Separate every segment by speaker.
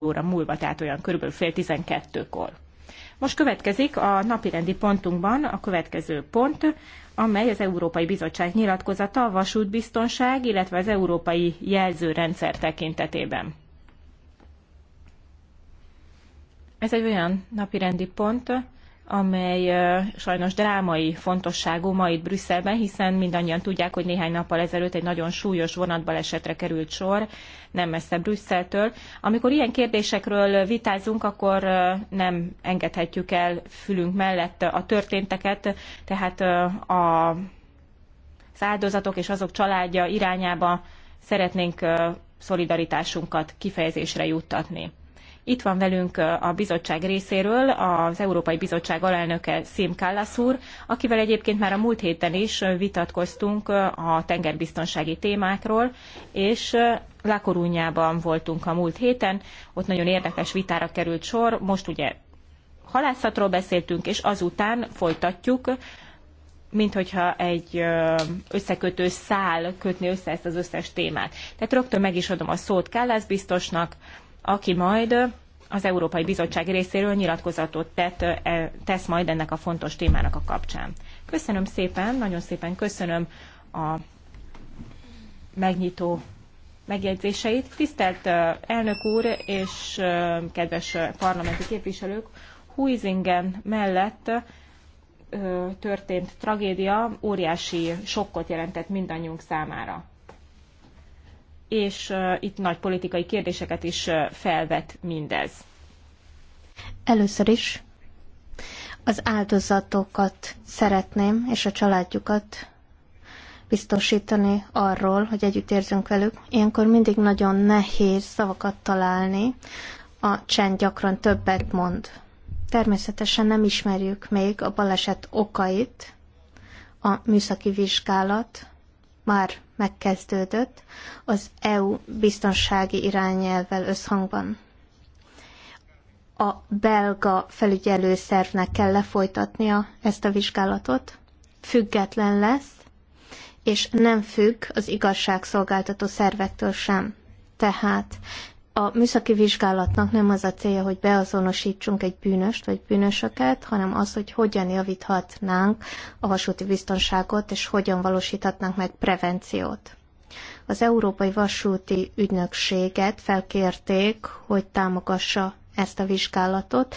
Speaker 1: óra múlva, tehát olyan körülbelül fél tizenkettőkor. Most következik a napirendi pontunkban a következő pont, amely az Európai Bizottság nyilatkozata a vasútbiztonság, illetve az európai jelzőrendszer tekintetében. Ez egy olyan napirendi pont, amely sajnos drámai fontosságú ma itt Brüsszelben, hiszen mindannyian tudják, hogy néhány nappal ezelőtt egy nagyon súlyos vonatbalesetre került sor, nem messze Brüsszeltől. Amikor ilyen kérdésekről vitázunk, akkor nem engedhetjük el fülünk mellett a történteket, tehát a áldozatok és azok családja irányába szeretnénk szolidaritásunkat kifejezésre juttatni. Itt van velünk a bizottság részéről az Európai Bizottság alelnöke Szim Kallas úr, akivel egyébként már a múlt héten is vitatkoztunk a tengerbiztonsági témákról, és Lakorúnyában voltunk a múlt héten, ott nagyon érdekes vitára került sor, most ugye halászatról beszéltünk, és azután folytatjuk, mint hogyha egy összekötő szál kötni össze ezt az összes témát. Tehát rögtön meg is adom a szót Kállász biztosnak, aki majd az Európai Bizottság részéről nyilatkozatot tett, e, tesz majd ennek a fontos témának a kapcsán. Köszönöm szépen, nagyon szépen köszönöm a megnyitó megjegyzéseit. Tisztelt e, elnök úr és e, kedves parlamenti képviselők, Huizingen mellett történt tragédia óriási sokkot jelentett mindannyiunk számára és itt nagy politikai kérdéseket is felvet
Speaker 2: mindez. Először is az áldozatokat szeretném, és a családjukat biztosítani arról, hogy együtt érzünk velük. Ilyenkor mindig nagyon nehéz szavakat találni, a csend gyakran többet mond. Természetesen nem ismerjük még a baleset okait, a műszaki vizsgálat már megkezdődött az EU biztonsági irányelvvel összhangban. A belga felügyelőszervnek kell lefolytatnia ezt a vizsgálatot, független lesz, és nem függ az igazságszolgáltató szervektől sem. Tehát a műszaki vizsgálatnak nem az a célja, hogy beazonosítsunk egy bűnöst vagy bűnösöket, hanem az, hogy hogyan javíthatnánk a vasúti biztonságot, és hogyan valósíthatnánk meg prevenciót. Az Európai Vasúti Ügynökséget felkérték, hogy támogassa ezt a vizsgálatot.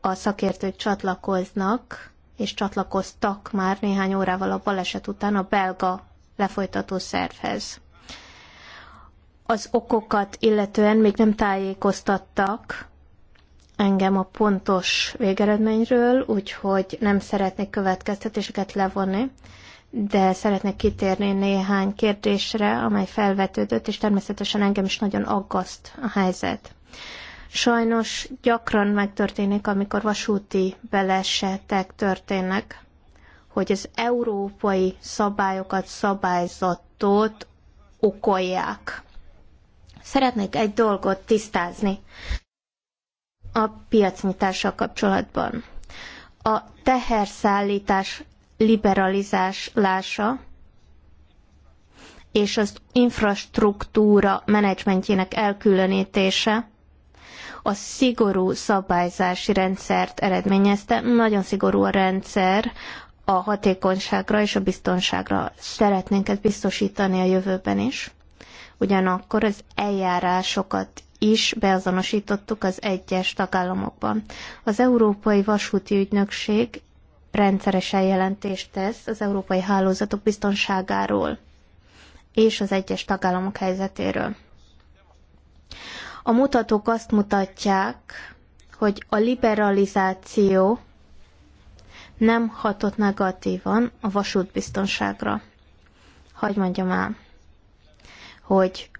Speaker 2: A szakértők csatlakoznak, és csatlakoztak már néhány órával a baleset után a belga lefolytató szervhez az okokat illetően még nem tájékoztattak engem a pontos végeredményről, úgyhogy nem szeretnék következtetéseket levonni, de szeretnék kitérni néhány kérdésre, amely felvetődött, és természetesen engem is nagyon aggaszt a helyzet. Sajnos gyakran megtörténik, amikor vasúti belesetek történnek, hogy az európai szabályokat, szabályzatot okolják Szeretnék egy dolgot tisztázni a piacnyitással kapcsolatban. A teherszállítás liberalizálása és az infrastruktúra menedzsmentjének elkülönítése a szigorú szabályzási rendszert eredményezte. Nagyon szigorú a rendszer a hatékonyságra és a biztonságra. Szeretnénk ezt biztosítani a jövőben is ugyanakkor az eljárásokat is beazonosítottuk az egyes tagállamokban. Az Európai Vasúti Ügynökség rendszeresen jelentést tesz az európai hálózatok biztonságáról és az egyes tagállamok helyzetéről. A mutatók azt mutatják, hogy a liberalizáció nem hatott negatívan a vasútbiztonságra. Hagy mondjam el hogy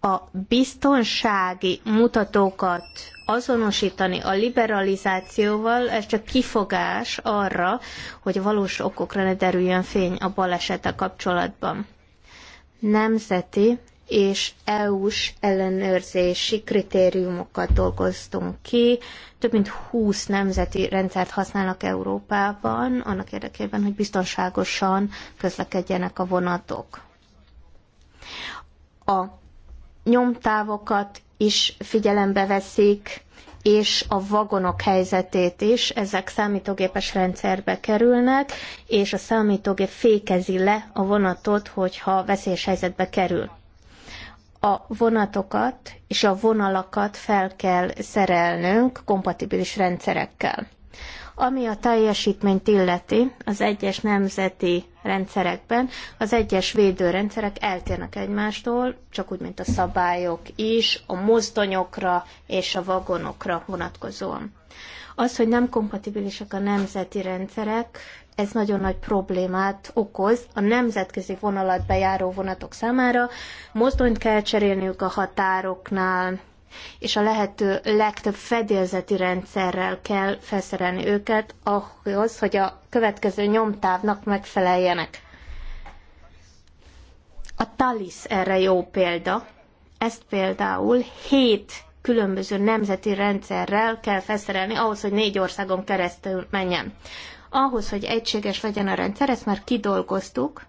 Speaker 2: a biztonsági mutatókat azonosítani a liberalizációval, ez csak kifogás arra, hogy valós okokra ne derüljön fény a balesete kapcsolatban. Nemzeti és EU-s ellenőrzési kritériumokat dolgoztunk ki. Több mint 20 nemzeti rendszert használnak Európában, annak érdekében, hogy biztonságosan közlekedjenek a vonatok a nyomtávokat is figyelembe veszik, és a vagonok helyzetét is, ezek számítógépes rendszerbe kerülnek, és a számítógép fékezi le a vonatot, hogyha veszélyes helyzetbe kerül. A vonatokat és a vonalakat fel kell szerelnünk kompatibilis rendszerekkel. Ami a teljesítményt illeti, az egyes nemzeti rendszerekben az egyes védőrendszerek eltérnek egymástól, csak úgy, mint a szabályok is, a mozdonyokra és a vagonokra vonatkozóan. Az, hogy nem kompatibilisek a nemzeti rendszerek, ez nagyon nagy problémát okoz a nemzetközi vonalat bejáró vonatok számára. Mozdonyt kell cserélniük a határoknál, és a lehető legtöbb fedélzeti rendszerrel kell felszerelni őket ahhoz, hogy a következő nyomtávnak megfeleljenek. A TALIS erre jó példa. Ezt például hét különböző nemzeti rendszerrel kell felszerelni ahhoz, hogy négy országon keresztül menjen. Ahhoz, hogy egységes legyen a rendszer, ezt már kidolgoztuk,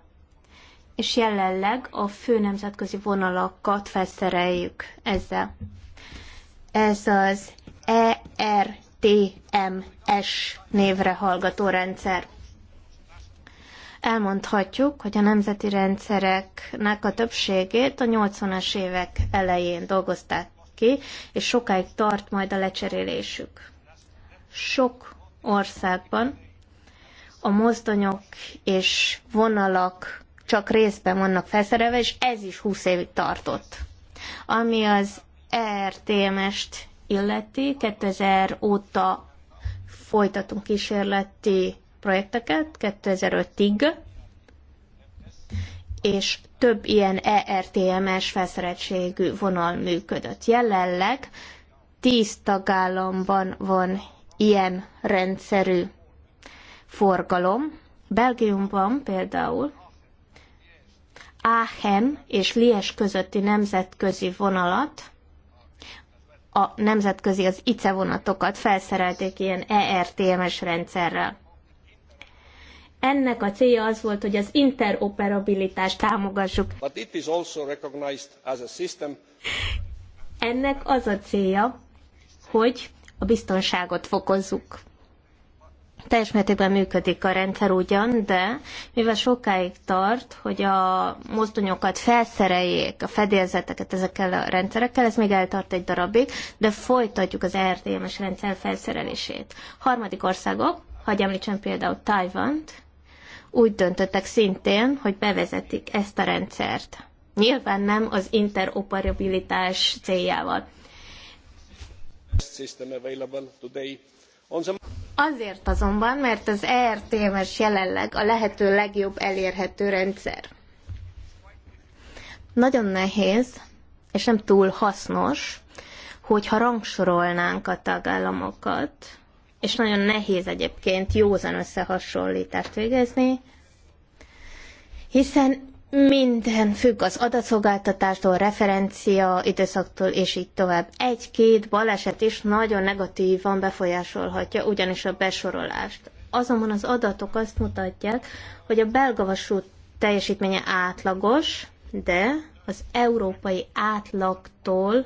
Speaker 2: és jelenleg a fő nemzetközi vonalakat felszereljük ezzel. Ez az ERTMS névre hallgató rendszer. Elmondhatjuk, hogy a nemzeti rendszereknek a többségét a 80-as évek elején dolgozták ki, és sokáig tart majd a lecserélésük. Sok országban a mozdonyok és vonalak csak részben vannak felszerelve, és ez is 20 évig tartott. Ami az RTMS-t illeti, 2000 óta folytatunk kísérleti projekteket, 2005-ig, és több ilyen ERTMS felszereltségű vonal működött. Jelenleg 10 tagállamban van ilyen rendszerű forgalom. Belgiumban például Aachen és Lies közötti nemzetközi vonalat a nemzetközi, az ICE vonatokat felszerelték ilyen ERTMS rendszerrel. Ennek a célja az volt, hogy az interoperabilitást támogassuk. Ennek az a célja, hogy a biztonságot fokozzuk. Teljes mértékben működik a rendszer ugyan, de mivel sokáig tart, hogy a mozdonyokat felszereljék, a fedélzeteket ezekkel a rendszerekkel, ez még eltart egy darabig, de folytatjuk az RTMS rendszer felszerelését. Harmadik országok, hagyj említsen például Tajvant, úgy döntöttek szintén, hogy bevezetik ezt a rendszert. Nyilván nem az interoperabilitás céljával.
Speaker 3: System available today Azért
Speaker 2: azonban, mert az ERTMS jelenleg a lehető legjobb elérhető rendszer. Nagyon nehéz, és nem túl hasznos, hogyha rangsorolnánk a tagállamokat, és nagyon nehéz egyébként józan összehasonlítást végezni, hiszen minden függ az adatszolgáltatástól, referencia időszaktól, és így tovább. Egy-két baleset is nagyon negatívan befolyásolhatja ugyanis a besorolást. Azonban az adatok azt mutatják, hogy a belga vasút teljesítménye átlagos, de az európai átlagtól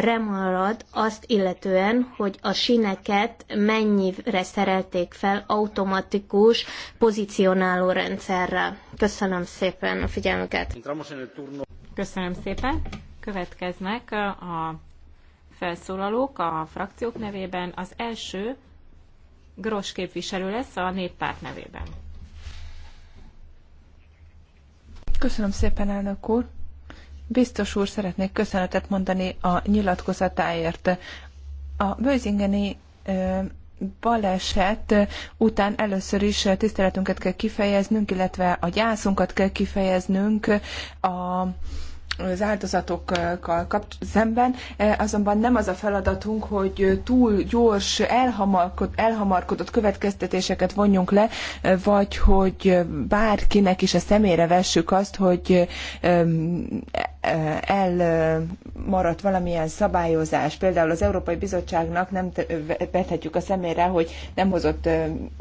Speaker 2: remarad azt illetően, hogy a sineket mennyire szerelték fel automatikus pozícionáló rendszerre. Köszönöm szépen a figyelmüket. Köszönöm szépen.
Speaker 1: Következnek a felszólalók a frakciók nevében. Az első Gros képviselő lesz a néppárt nevében.
Speaker 4: Köszönöm szépen, elnök úr. Biztos úr, szeretnék köszönetet mondani a nyilatkozatáért. A Bőzingeni baleset után először is tiszteletünket kell kifejeznünk, illetve a gyászunkat kell kifejeznünk a az áldozatokkal szemben, azonban nem az a feladatunk, hogy túl gyors, elhamarkod, elhamarkodott következtetéseket vonjunk le, vagy hogy bárkinek is a szemére vessük azt, hogy elmaradt valamilyen szabályozás, például az Európai Bizottságnak nem vethetjük a szemére, hogy nem hozott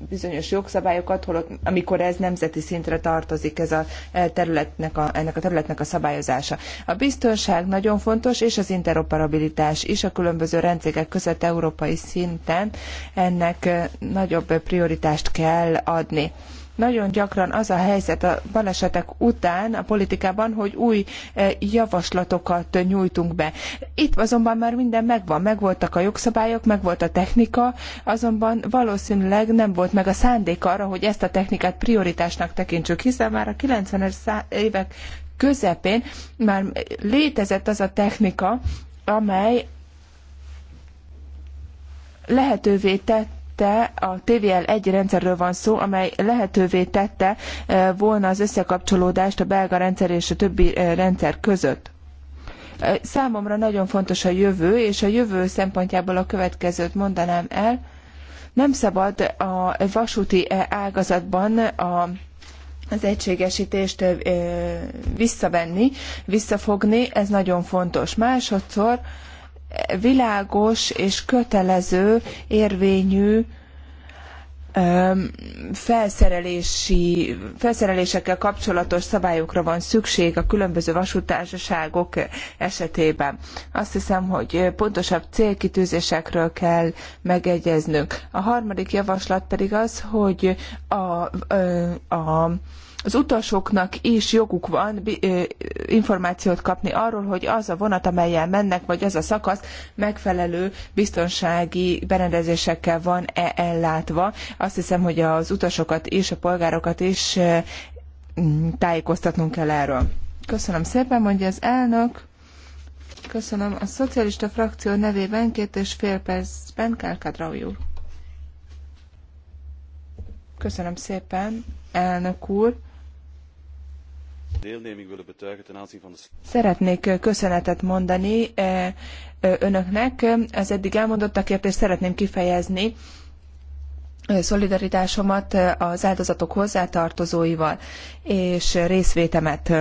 Speaker 4: bizonyos jogszabályokat, holott, amikor ez nemzeti szintre tartozik ez a e, területnek a, ennek a területnek a szabályozása. A biztonság nagyon fontos, és az interoperabilitás is a különböző rendszerek között európai szinten ennek nagyobb prioritást kell adni. Nagyon gyakran az a helyzet a balesetek után a politikában, hogy új e, javaslatokat nyújtunk be. Itt azonban már minden megvan, megvoltak a jogszabályok, megvolt a technika, azonban valószínűleg nem volt meg a szándék arra, hogy ezt a technikát prioritásnak tekintsük, hiszen már a 90-es évek közepén már létezett az a technika, amely lehetővé tette, tette, a TVL egy rendszerről van szó, amely lehetővé tette eh, volna az összekapcsolódást a belga rendszer és a többi eh, rendszer között. Eh, számomra nagyon fontos a jövő, és a jövő szempontjából a következőt mondanám el. Nem szabad a vasúti ágazatban a az egységesítést visszavenni, visszafogni, ez nagyon fontos. Másodszor világos és kötelező érvényű felszerelési, felszerelésekkel kapcsolatos szabályokra van szükség a különböző vasútársaságok esetében. Azt hiszem, hogy pontosabb célkitűzésekről kell megegyeznünk. A harmadik javaslat pedig az, hogy a, a, a az utasoknak is joguk van információt kapni arról, hogy az a vonat, amelyel mennek, vagy az a szakasz megfelelő biztonsági berendezésekkel van-e ellátva. Azt hiszem, hogy az utasokat és a polgárokat is mm, tájékoztatnunk kell erről. Köszönöm szépen, mondja az elnök. Köszönöm. A szocialista frakció nevében két és fél percben Kárkádrau úr. Köszönöm szépen, elnök úr. Szeretnék köszönetet mondani önöknek az eddig elmondottakért, és szeretném kifejezni szolidaritásomat az áldozatok hozzátartozóival, és részvétemet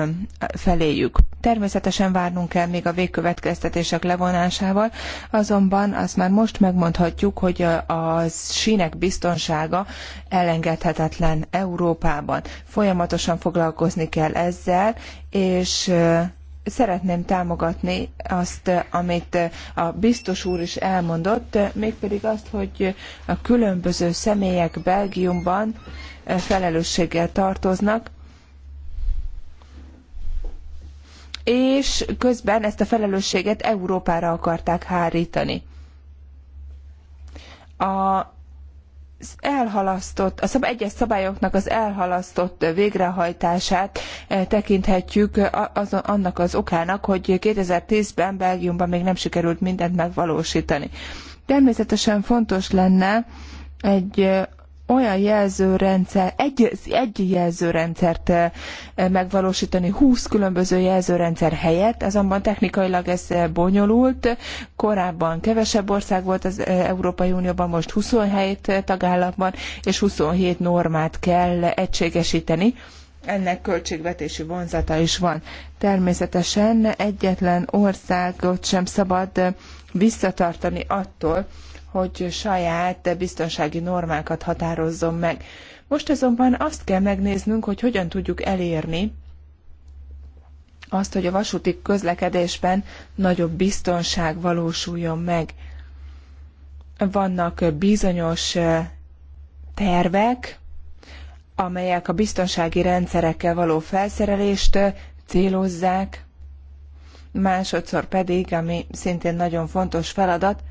Speaker 4: feléjük. Természetesen várnunk kell még a végkövetkeztetések levonásával, azonban azt már most megmondhatjuk, hogy a sínek biztonsága elengedhetetlen Európában. Folyamatosan foglalkozni kell ezzel, és szeretném támogatni azt, amit a biztos úr is elmondott, mégpedig azt, hogy a különböző személyek Belgiumban felelősséggel tartoznak, és közben ezt a felelősséget Európára akarták hárítani. A az elhalasztott, a szab, egyes szabályoknak az elhalasztott végrehajtását eh, tekinthetjük eh, az, annak az okának, hogy 2010-ben Belgiumban még nem sikerült mindent megvalósítani. Természetesen fontos lenne egy eh, olyan jelzőrendszer, egy, egy jelzőrendszert eh, megvalósítani 20 különböző jelzőrendszer helyett, azonban technikailag ez eh, bonyolult. Korábban kevesebb ország volt az eh, Európai Unióban, most 27 tagállamban, és 27 normát kell egységesíteni. Ennek költségvetési vonzata is van. Természetesen egyetlen országot sem szabad visszatartani attól, hogy saját biztonsági normákat határozzon meg. Most azonban azt kell megnéznünk, hogy hogyan tudjuk elérni azt, hogy a vasúti közlekedésben nagyobb biztonság valósuljon meg. Vannak bizonyos eh, tervek, amelyek a biztonsági rendszerekkel való felszerelést eh, célozzák, másodszor pedig, ami szintén nagyon fontos feladat,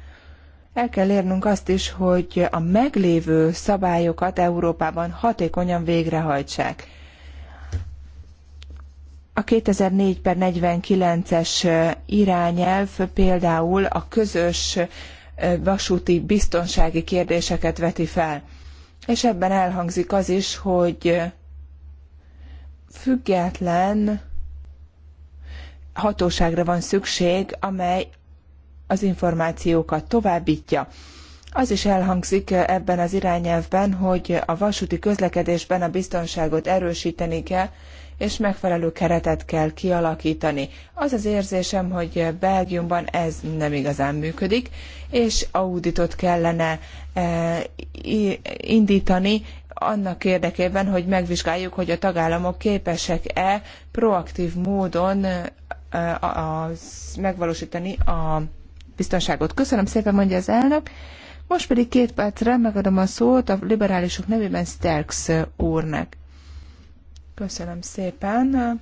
Speaker 4: el kell érnünk azt is, hogy a meglévő szabályokat Európában hatékonyan végrehajtsák. A 2004 per 49-es irányelv például a közös vasúti biztonsági kérdéseket veti fel. És ebben elhangzik az is, hogy független hatóságra van szükség, amely az információkat továbbítja. Az is elhangzik ebben az irányelvben, hogy a vasúti közlekedésben a biztonságot erősíteni kell, és megfelelő keretet kell kialakítani. Az az érzésem, hogy Belgiumban ez nem igazán működik, és auditot kellene e, indítani annak érdekében, hogy megvizsgáljuk, hogy a tagállamok képesek-e proaktív módon e, megvalósítani a biztonságot. Köszönöm szépen, mondja az elnök. Most pedig két percre megadom a szót a liberálisok nevében Sterks úrnak. Köszönöm szépen.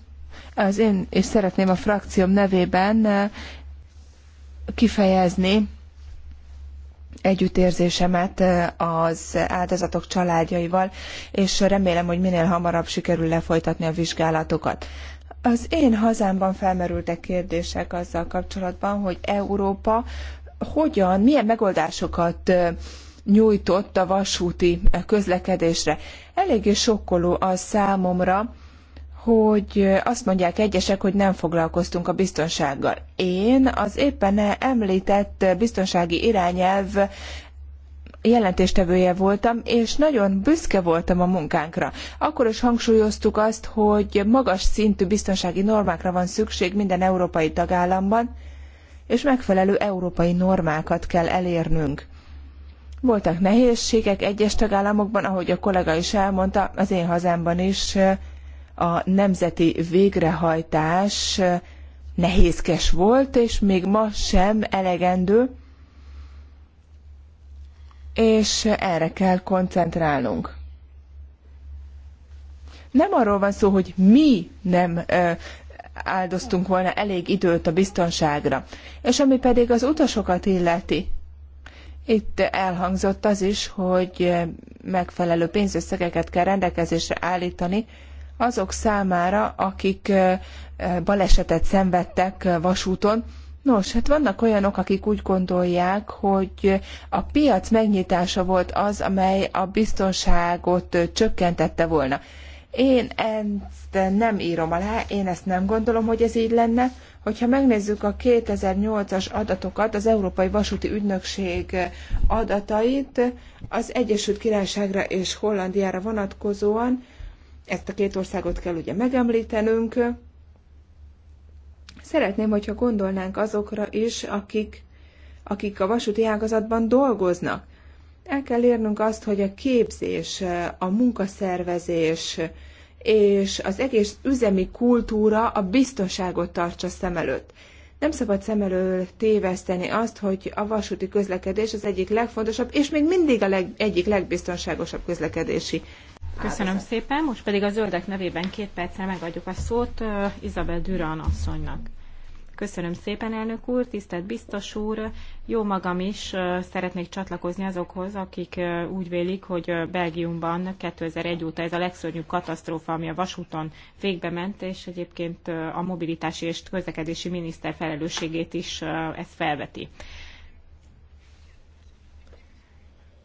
Speaker 4: Az én és szeretném a frakcióm nevében kifejezni együttérzésemet az áldozatok családjaival, és remélem, hogy minél hamarabb sikerül lefolytatni a vizsgálatokat. Az én hazámban felmerültek kérdések azzal kapcsolatban, hogy Európa hogyan, milyen megoldásokat nyújtott a vasúti közlekedésre. Eléggé sokkoló az számomra, hogy azt mondják egyesek, hogy nem foglalkoztunk a biztonsággal. Én az éppen említett biztonsági irányelv jelentéstevője voltam, és nagyon büszke voltam a munkánkra. Akkor is hangsúlyoztuk azt, hogy magas szintű biztonsági normákra van szükség minden európai tagállamban, és megfelelő európai normákat kell elérnünk. Voltak nehézségek egyes tagállamokban, ahogy a kollega is elmondta, az én hazámban is a nemzeti végrehajtás nehézkes volt, és még ma sem elegendő és erre kell koncentrálnunk. Nem arról van szó, hogy mi nem áldoztunk volna elég időt a biztonságra. És ami pedig az utasokat illeti, itt elhangzott az is, hogy megfelelő pénzösszegeket kell rendelkezésre állítani azok számára, akik balesetet szenvedtek vasúton, Nos, hát vannak olyanok, akik úgy gondolják, hogy a piac megnyitása volt az, amely a biztonságot csökkentette volna. Én ezt nem írom alá, én ezt nem gondolom, hogy ez így lenne. Hogyha megnézzük a 2008-as adatokat, az Európai Vasúti Ügynökség adatait, az Egyesült Királyságra és Hollandiára vonatkozóan, ezt a két országot kell ugye megemlítenünk, Szeretném, hogyha gondolnánk azokra is, akik, akik a vasúti ágazatban dolgoznak. El kell érnünk azt, hogy a képzés, a munkaszervezés és az egész üzemi kultúra a biztonságot tartsa szem előtt. Nem szabad szem elől téveszteni azt, hogy a vasúti közlekedés az egyik legfontosabb, és még mindig a leg, egyik legbiztonságosabb közlekedési Köszönöm
Speaker 1: szépen, most pedig a zöldek nevében két perccel megadjuk a szót uh, Izabel Düran asszonynak. Köszönöm szépen, elnök úr, tisztelt biztos úr. Jó magam is uh, szeretnék csatlakozni azokhoz, akik uh, úgy vélik, hogy uh, Belgiumban 2001 óta ez a legszörnyűbb katasztrófa, ami a vasúton végbe ment, és egyébként uh, a mobilitási és közlekedési miniszter felelősségét is uh, ez felveti. Uh,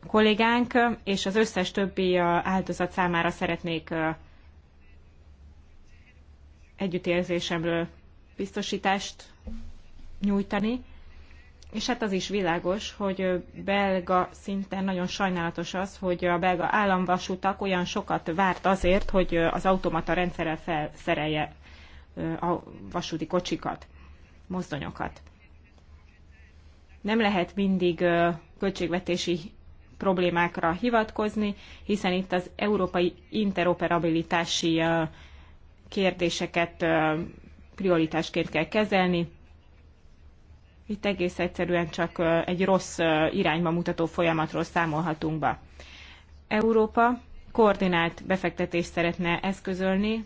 Speaker 1: kollégánk és az összes többi áldozat számára szeretnék együttérzésemről biztosítást nyújtani. És hát az is világos, hogy belga szinten nagyon sajnálatos az, hogy a belga államvasutak olyan sokat várt azért, hogy az automata rendszerrel felszerelje a vasúti kocsikat, mozdonyokat. Nem lehet mindig költségvetési problémákra hivatkozni, hiszen itt az európai interoperabilitási kérdéseket prioritásként kell kezelni. Itt egész egyszerűen csak egy rossz irányba mutató folyamatról számolhatunk be. Európa koordinált befektetést szeretne eszközölni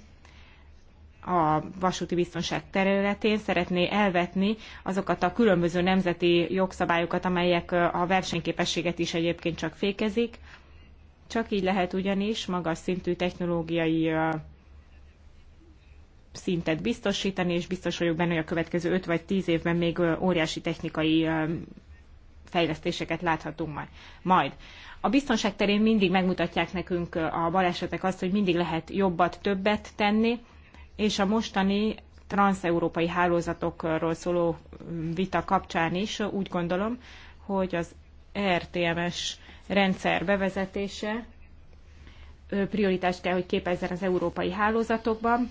Speaker 1: a vasúti biztonság területén szeretné elvetni azokat a különböző nemzeti jogszabályokat, amelyek a versenyképességet is egyébként csak fékezik. Csak így lehet ugyanis magas szintű technológiai szintet biztosítani, és biztos vagyok benne, hogy a következő 5 vagy 10 évben még óriási technikai fejlesztéseket láthatunk majd. majd. A biztonság terén mindig megmutatják nekünk a balesetek azt, hogy mindig lehet jobbat, többet tenni, és a mostani transeurópai hálózatokról szóló vita kapcsán is úgy gondolom, hogy az RTMS er rendszer bevezetése prioritást kell, hogy képezzen az európai hálózatokban,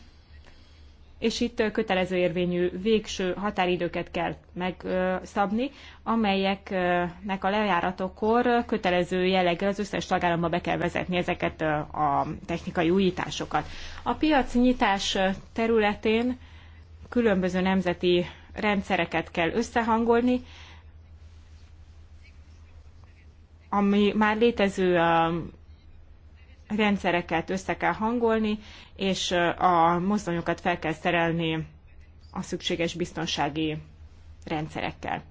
Speaker 1: és itt kötelező érvényű végső határidőket kell megszabni, amelyeknek a lejáratokor kötelező jelleggel az összes tagállamba be kell vezetni ezeket a technikai újításokat. A piac nyitás területén különböző nemzeti rendszereket kell összehangolni, ami már létező rendszereket össze kell hangolni, és a mozdonyokat fel kell szerelni a szükséges biztonsági rendszerekkel.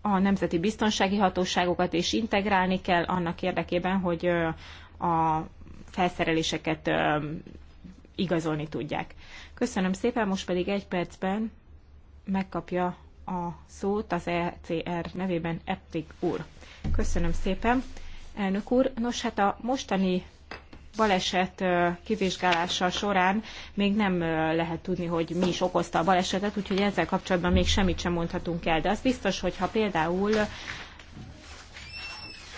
Speaker 1: A nemzeti biztonsági hatóságokat is integrálni kell annak érdekében, hogy a felszereléseket igazolni tudják. Köszönöm szépen, most pedig egy percben megkapja a szót az ECR nevében Eptig úr. Köszönöm szépen elnök úr. Nos, hát a mostani baleset kivizsgálása során még nem lehet tudni, hogy mi is okozta a balesetet, úgyhogy ezzel kapcsolatban még semmit sem mondhatunk el. De az biztos, hogy ha például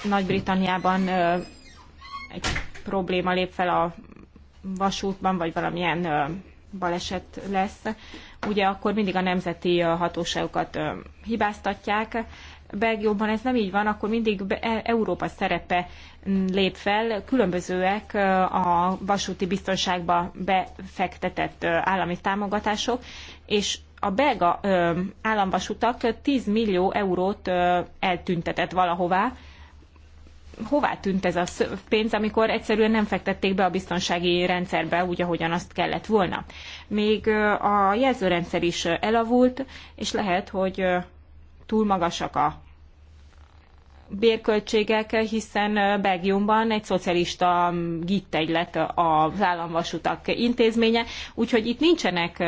Speaker 1: Nagy-Britanniában egy probléma lép fel a vasútban, vagy valamilyen baleset lesz, ugye akkor mindig a nemzeti hatóságokat hibáztatják, Belgiumban ez nem így van, akkor mindig e- Európa szerepe lép fel, különbözőek a vasúti biztonságba befektetett állami támogatások, és a belga államvasutak 10 millió eurót eltüntetett valahová, hová tűnt ez a pénz, amikor egyszerűen nem fektették be a biztonsági rendszerbe, úgy, ahogyan azt kellett volna. Még a jelzőrendszer is elavult, és lehet, hogy túl magasak a bérköltségek, hiszen Belgiumban egy szocialista gittegy lett az államvasutak intézménye, úgyhogy itt nincsenek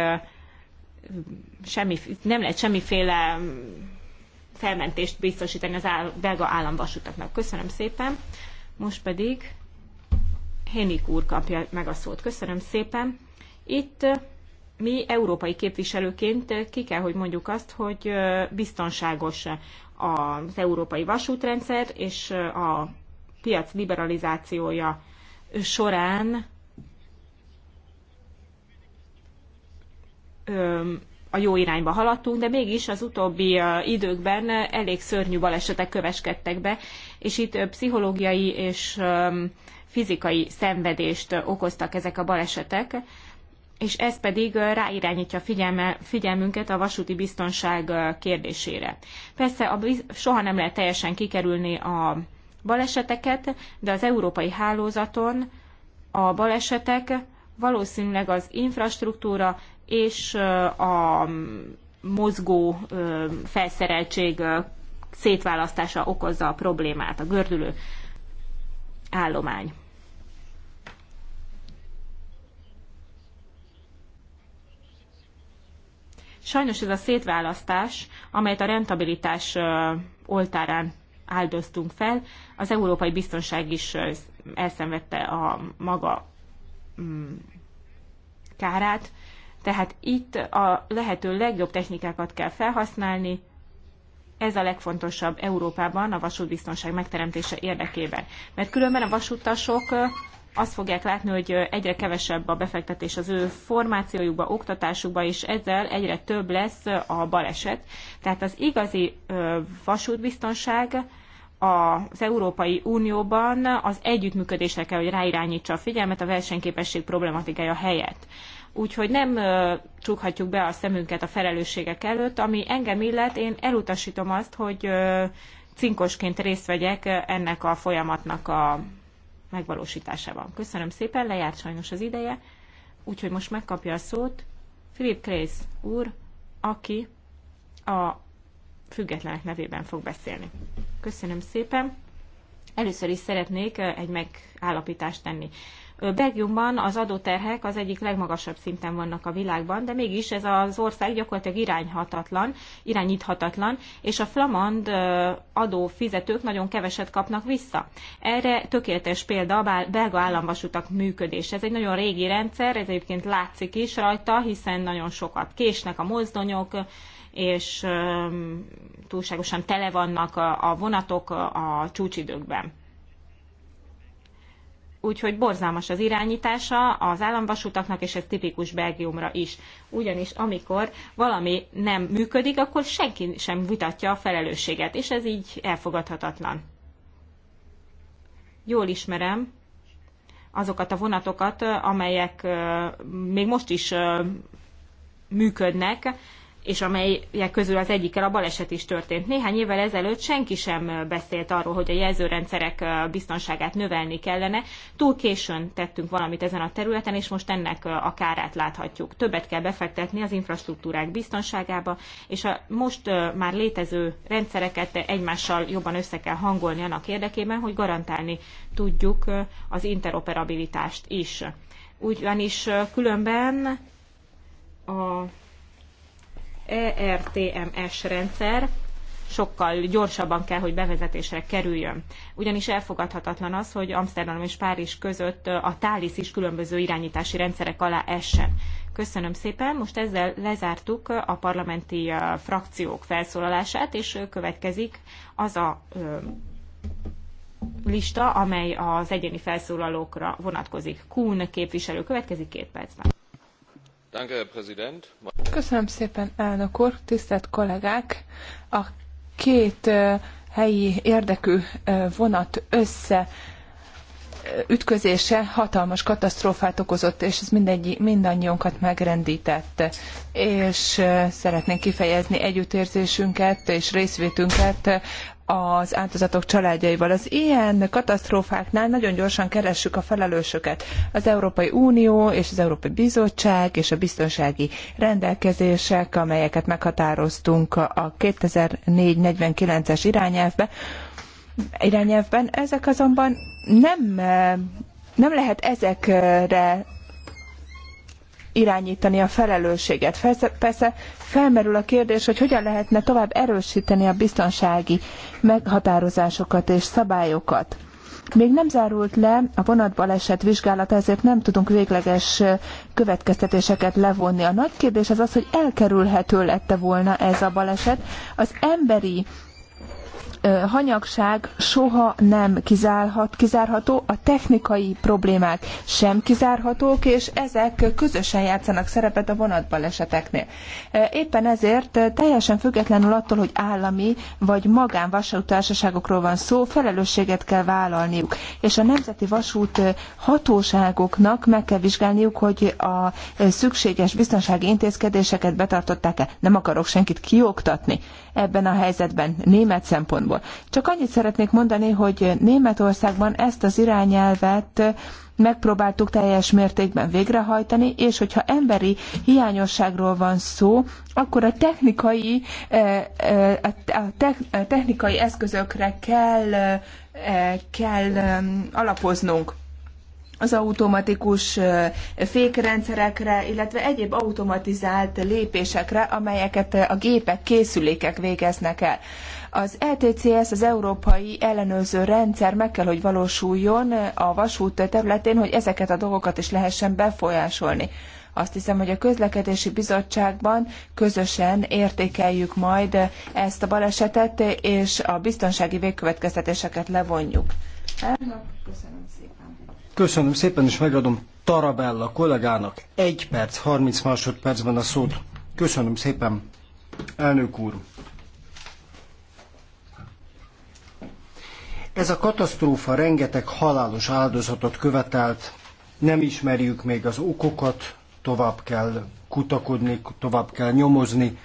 Speaker 1: semmi, nem lehet semmiféle felmentést biztosítani az áll, belga államvasutaknak. Köszönöm szépen. Most pedig Henik úr kapja meg a szót. Köszönöm szépen. Itt mi európai képviselőként eh, ki kell, hogy mondjuk azt, hogy eh, biztonságos az európai vasútrendszer, és eh, a piac liberalizációja során a jó irányba haladtunk, de mégis az utóbbi időkben elég szörnyű balesetek köveskedtek be, és itt pszichológiai és fizikai szenvedést okoztak ezek a balesetek és ez pedig ráirányítja figyelme, figyelmünket a vasúti biztonság kérdésére. Persze a, soha nem lehet teljesen kikerülni a baleseteket, de az európai hálózaton a balesetek valószínűleg az infrastruktúra és a mozgó felszereltség szétválasztása okozza a problémát, a gördülő állomány. Sajnos ez a szétválasztás, amelyet a rentabilitás oltárán áldoztunk fel, az európai biztonság is elszenvedte a maga mm, kárát. Tehát itt a lehető legjobb technikákat kell felhasználni, ez a legfontosabb Európában a vasútbiztonság megteremtése érdekében. Mert különben a vasutasok azt fogják látni, hogy egyre kevesebb a befektetés az ő formációjukba, oktatásukba, és ezzel egyre több lesz a baleset. Tehát az igazi vasútbiztonság az Európai Unióban az együttműködésre kell, hogy ráirányítsa a figyelmet a versenyképesség problematikája helyett. Úgyhogy nem csukhatjuk be a szemünket a felelősségek előtt, ami engem illet, én elutasítom azt, hogy cinkosként részt vegyek ennek a folyamatnak a megvalósításában. Köszönöm szépen, lejárt sajnos az ideje, úgyhogy most megkapja a szót Philip Kreis úr, aki a függetlenek nevében fog beszélni. Köszönöm szépen. Először is szeretnék eh, egy megállapítást tenni. Belgiumban az adóterhek az egyik legmagasabb szinten vannak a világban, de mégis ez az ország gyakorlatilag irányhatatlan, irányíthatatlan, és a flamand adófizetők nagyon keveset kapnak vissza. Erre tökéletes példa a belga államvasutak működés. Ez egy nagyon régi rendszer, ez egyébként látszik is rajta, hiszen nagyon sokat késnek a mozdonyok, és túlságosan tele vannak a vonatok a csúcsidőkben. Úgyhogy borzalmas az irányítása az államvasutaknak, és ez tipikus Belgiumra is. Ugyanis amikor valami nem működik, akkor senki sem vitatja a felelősséget, és ez így elfogadhatatlan. Jól ismerem azokat a vonatokat, amelyek még most is működnek, és amelyek közül az egyikkel a baleset is történt. Néhány évvel ezelőtt senki sem beszélt arról, hogy a jelzőrendszerek biztonságát növelni kellene. Túl későn tettünk valamit ezen a területen, és most ennek a kárát láthatjuk. Többet kell befektetni az infrastruktúrák biztonságába, és a most már létező rendszereket egymással jobban össze kell hangolni annak érdekében, hogy garantálni tudjuk az interoperabilitást is. Ugyanis különben a ERTMS rendszer sokkal gyorsabban kell, hogy bevezetésre kerüljön. Ugyanis elfogadhatatlan az, hogy Amsterdam és Párizs között a TALIS is különböző irányítási rendszerek alá essen. Köszönöm szépen, most ezzel lezártuk a parlamenti frakciók felszólalását, és következik az a lista, amely az egyéni felszólalókra vonatkozik. Kuhn képviselő következik két percben.
Speaker 4: Köszönöm szépen, elnök úr, tisztelt kollégák! A két helyi érdekű vonat össze ütközése hatalmas katasztrófát okozott, és ez mindegy, mindannyiunkat megrendített. És szeretnénk kifejezni együttérzésünket és részvétünket az áldozatok családjaival. Az ilyen katasztrófáknál nagyon gyorsan keressük a felelősöket. Az Európai Unió és az Európai Bizottság és a biztonsági rendelkezések, amelyeket meghatároztunk a 2004-49-es irányelvbe, irányelvben, ezek azonban nem, eh, nem lehet ezekre irányítani a felelősséget. Persze felmerül a kérdés, hogy hogyan lehetne tovább erősíteni a biztonsági meghatározásokat és szabályokat. Még nem zárult le a vonatbaleset vizsgálata, ezért nem tudunk végleges következtetéseket levonni. A nagy kérdés az az, hogy elkerülhető lette volna ez a baleset. Az emberi hanyagság soha nem kizárhat, kizárható, a technikai problémák sem kizárhatók, és ezek közösen játszanak szerepet a vonatbaleseteknél. Éppen ezért teljesen függetlenül attól, hogy állami vagy magán vasútársaságokról van szó, felelősséget kell vállalniuk. És a nemzeti vasút hatóságoknak meg kell vizsgálniuk, hogy a szükséges biztonsági intézkedéseket betartották-e. Nem akarok senkit kioktatni ebben a helyzetben német szempontból irányából. Csak annyit szeretnék mondani, hogy Németországban ezt az irányelvet megpróbáltuk teljes mértékben végrehajtani, és hogyha emberi hiányosságról van szó, akkor a technikai, eh, eh, a technikai eszközökre kell, eh, kell alapoznunk az automatikus fékrendszerekre, illetve egyéb automatizált lépésekre, amelyeket a gépek, készülékek végeznek el. Az ETCS, az Európai Ellenőrző Rendszer meg kell, hogy valósuljon a vasút területén, hogy ezeket a dolgokat is lehessen befolyásolni. Azt hiszem, hogy a közlekedési bizottságban közösen értékeljük majd ezt a balesetet, és a biztonsági végkövetkeztetéseket levonjuk. köszönöm szépen.
Speaker 3: Köszönöm szépen, és megadom Tarabella kollégának Egy perc, 30 másodpercben a szót. Köszönöm szépen, elnök úr. Ez a katasztrófa rengeteg halálos áldozatot követelt, nem ismerjük még az okokat, tovább kell kutakodni, tovább kell nyomozni,